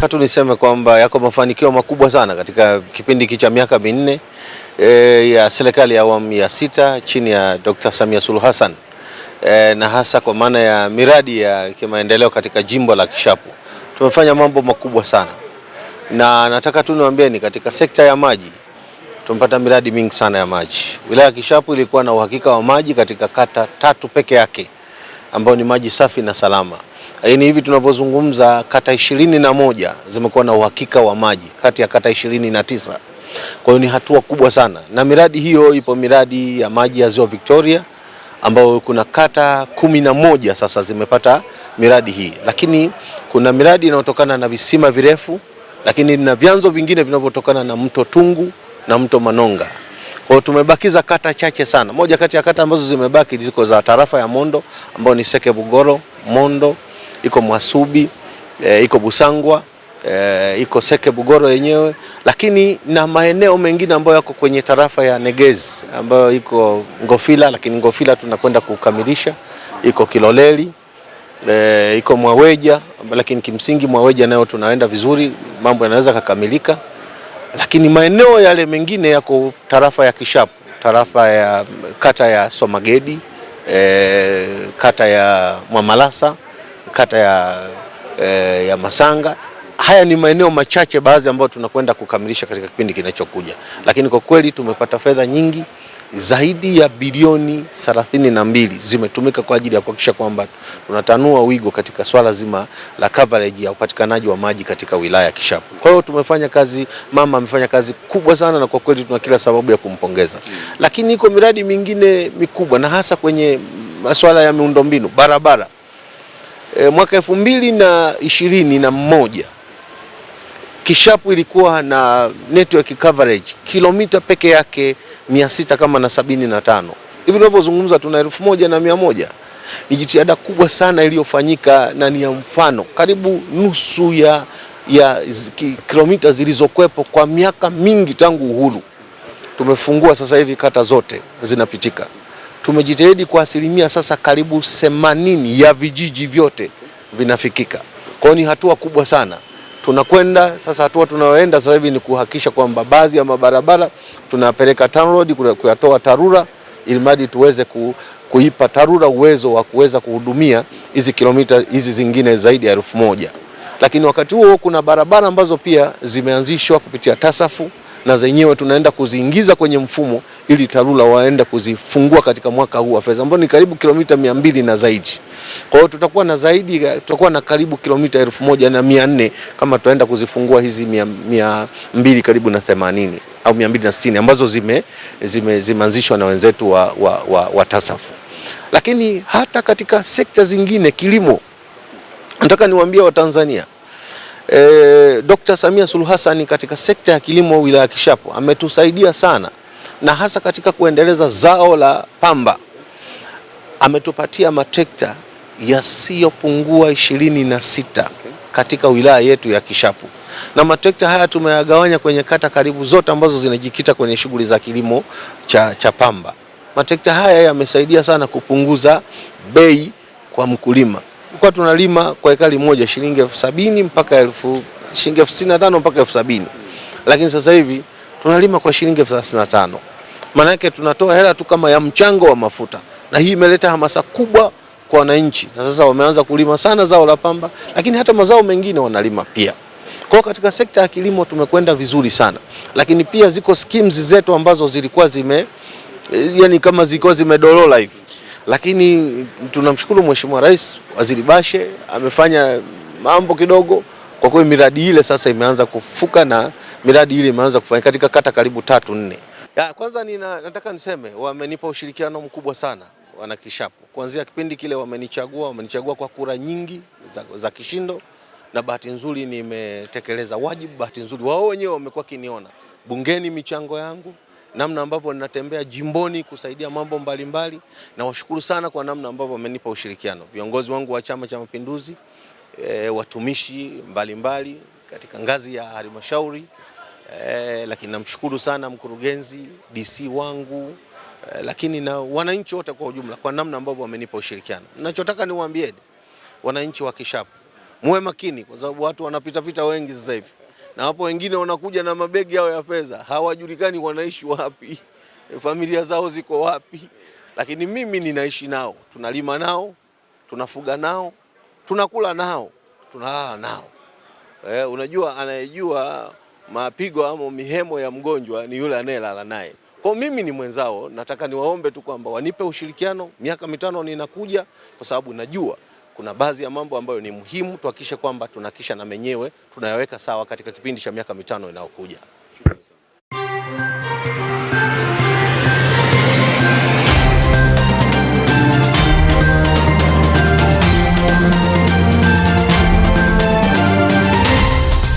Hatu niseme kwamba yako mafanikio makubwa sana katika kipindi cha miaka minne e, ya serikali ya awamu ya sita chini ya Dr. Samia Suluhu Hassan e, na hasa kwa maana ya miradi ya kimaendeleo katika jimbo la Kishapu. Tumefanya mambo makubwa sana na nataka tu niwaambieni, katika sekta ya maji tumepata miradi mingi sana ya maji. Wilaya ya Kishapu ilikuwa na uhakika wa maji katika kata tatu peke yake ambayo ni maji safi na salama. Lakini eh, hivi tunavyozungumza kata ishirini na moja zimekuwa na uhakika wa maji kati ya kata ishirini na tisa. Kwa hiyo ni hatua kubwa sana, na miradi hiyo ipo miradi ya maji ya Ziwa Victoria ambayo kuna kata kumi na moja sasa zimepata miradi hii, lakini kuna miradi inayotokana na visima virefu, lakini na vyanzo vingine vinavyotokana na mto Tungu na mto Manonga. Kwa hiyo tumebakiza kata chache sana. Moja kati ya kata ambazo zimebaki ziko za tarafa ya Mondo ambayo ni Seke Bugoro, Mondo iko Mwasubi e, iko Busangwa e, iko Seke Bugoro yenyewe, lakini na maeneo mengine ambayo yako kwenye tarafa ya Negezi ambayo iko Ngofila, lakini Ngofila tunakwenda kukamilisha, iko Kiloleli e, iko Mwaweja, lakini kimsingi Mwaweja nayo tunaenda vizuri, mambo yanaweza kukamilika, lakini maeneo yale mengine yako tarafa ya Kishapu, tarafa ya kata ya Somagedi e, kata ya Mwamalasa kata ya, eh, ya Masanga. Haya ni maeneo machache baadhi ambayo tunakwenda kukamilisha katika kipindi kinachokuja, lakini kwa kweli tumepata fedha nyingi zaidi ya bilioni thelathini na mbili zimetumika kwa ajili ya kuhakikisha kwamba tunatanua wigo katika swala zima la coverage ya upatikanaji wa maji katika wilaya ya Kishapu. Kwa hiyo tumefanya kazi, mama amefanya kazi kubwa sana, na kwa kweli tuna kila sababu ya kumpongeza hmm. Lakini iko miradi mingine mikubwa na hasa kwenye masuala ya miundombinu, barabara e, mwaka elfu mbili na ishirini na mmoja Kishapu ilikuwa na network coverage kilomita peke yake mia sita kama na sabini na tano hivi tunavyozungumza tuna elfu moja na mia moja Ni jitihada kubwa sana iliyofanyika na ni ya mfano, karibu nusu ya, ya kilomita zilizokwepo kwa miaka mingi tangu uhuru tumefungua sasa hivi, kata zote zinapitika tumejitahidi kwa asilimia sasa karibu themanini ya vijiji vyote vinafikika. Kwa hiyo ni hatua kubwa sana tunakwenda sasa. Hatua tunayoenda sasa hivi ni kuhakikisha kwamba baadhi ya mabarabara tunapeleka TANROADS kuyatoa TARURA ili mradi tuweze ku, kuipa TARURA uwezo wa kuweza kuhudumia hizi kilomita hizi zingine zaidi ya elfu moja lakini wakati huo kuna barabara ambazo pia zimeanzishwa kupitia tasafu na zenyewe tunaenda kuziingiza kwenye mfumo ili TARURA waenda kuzifungua katika mwaka huu wa fedha ambao ni karibu kilomita mia mbili na zaidi. Kwa hiyo tutakuwa na zaidi, tutakuwa na karibu kilomita elfu moja na mia nne kama tutaenda kuzifungua hizi mia, mia mbili karibu na themanini au mia mbili na sitini ambazo zime zimeanzishwa na wenzetu wa, wa, wa, wa TASAFU. Lakini hata katika sekta zingine kilimo, nataka niwaambie Watanzania e, eh, Dr. Samia Suluhu Hassan katika sekta ya kilimo wilaya Kishapu ametusaidia sana na hasa katika kuendeleza zao la pamba ametupatia matrekta yasiyopungua ishirini na sita katika wilaya yetu ya Kishapu, na matrekta haya tumeyagawanya kwenye kata karibu zote ambazo zinajikita kwenye shughuli za kilimo cha, cha pamba. Matrekta haya yamesaidia sana kupunguza bei kwa mkulima. Kwa tunalima kwa ekari moja shilingi elfu sabini mpaka elfu shilingi elfu sitini na tano mpaka elfu sabini lakini sasa hivi tunalima kwa shilingi elfu thelathini na tano maanake tunatoa hela tu kama ya mchango wa mafuta, na hii imeleta hamasa kubwa kwa wananchi, na sasa wameanza kulima sana zao la pamba, lakini hata mazao mengine wanalima pia. Kwa katika sekta ya kilimo tumekwenda vizuri sana, lakini pia ziko schemes zetu ambazo zilikuwa zime yani kama zilikuwa zimedorola hivi, lakini tunamshukuru Mheshimiwa Rais, Waziri Bashe amefanya mambo kidogo kwa kweli miradi ile sasa imeanza kufuka na miradi ile imeanza kufanya katika kata karibu tatu nne. Ya, kwanza nina, nataka niseme wamenipa ushirikiano mkubwa sana wana Kishapu. Kuanzia kipindi kile wamenichagua, wamenichagua kwa kura nyingi za, za kishindo na bahati nzuri nimetekeleza wajibu. Bahati nzuri wao wenyewe wamekuwa kiniona bungeni michango yangu namna ambavyo ninatembea jimboni kusaidia mambo mbalimbali mbali. Na washukuru sana kwa namna ambavyo wamenipa ushirikiano viongozi wangu wa Chama cha Mapinduzi e, watumishi mbalimbali mbali, katika ngazi ya halmashauri eh, lakini namshukuru sana mkurugenzi DC wangu eh, lakini na wananchi wote kwa ujumla kwa namna ambavyo wamenipa ushirikiano. Ninachotaka niwaambie wananchi wa Kishapu muwe makini, kwa sababu watu wanapitapita wengi sasa hivi, na hapo wengine wanakuja na mabegi yao ya fedha, hawajulikani wanaishi wapi, familia zao ziko wapi. Lakini mimi ninaishi nao, tunalima nao, tunafuga nao, tunakula nao, tunalala nao. Eh, unajua anayejua mapigo ama mihemo ya mgonjwa ni yule anayelala naye. Kwa mimi ni mwenzao, nataka niwaombe tu kwamba wanipe ushirikiano. Miaka mitano ninakuja, kwa sababu najua kuna baadhi ya mambo ambayo ni muhimu tuhakikishe kwamba tunakisha na menyewe tunayaweka sawa katika kipindi cha miaka mitano inayokuja.